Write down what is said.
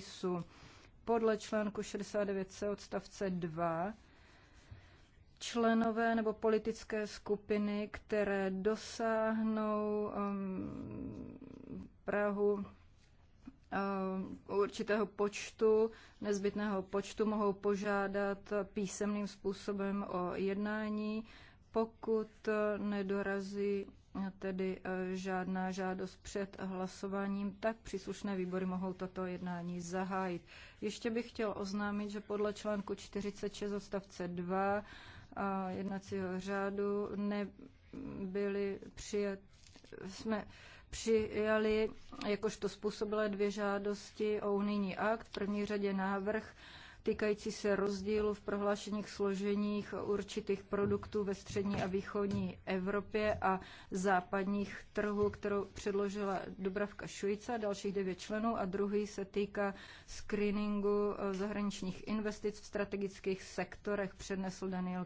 spisu Podle článku 69c odstavce 2 členové nebo politické skupiny, které dosáhnou um, Prahu um, určitého počtu, nezbytného počtu, mohou požádat písemným způsobem o jednání pokud eh, nedorazí eh, tedy eh, žádná žádost před hlasováním, tak příslušné výbory mohou toto jednání zahájit. Ještě bych chtěl oznámit, že podle článku 46 odstavce 2 jednacího řádu nebyly přijat, jsme přijali jakožto způsobilé dvě žádosti o unijní akt, v první řadě návrh týkající se rozdílu v prohlášených složeních určitých produktů ve střední a východní Evropě a západních trhů, kterou předložila Dubravka Šujica, dalších devět členů a druhý se týká screeningu eh, zahraničních investic v strategických sektorech, přednesl Daniel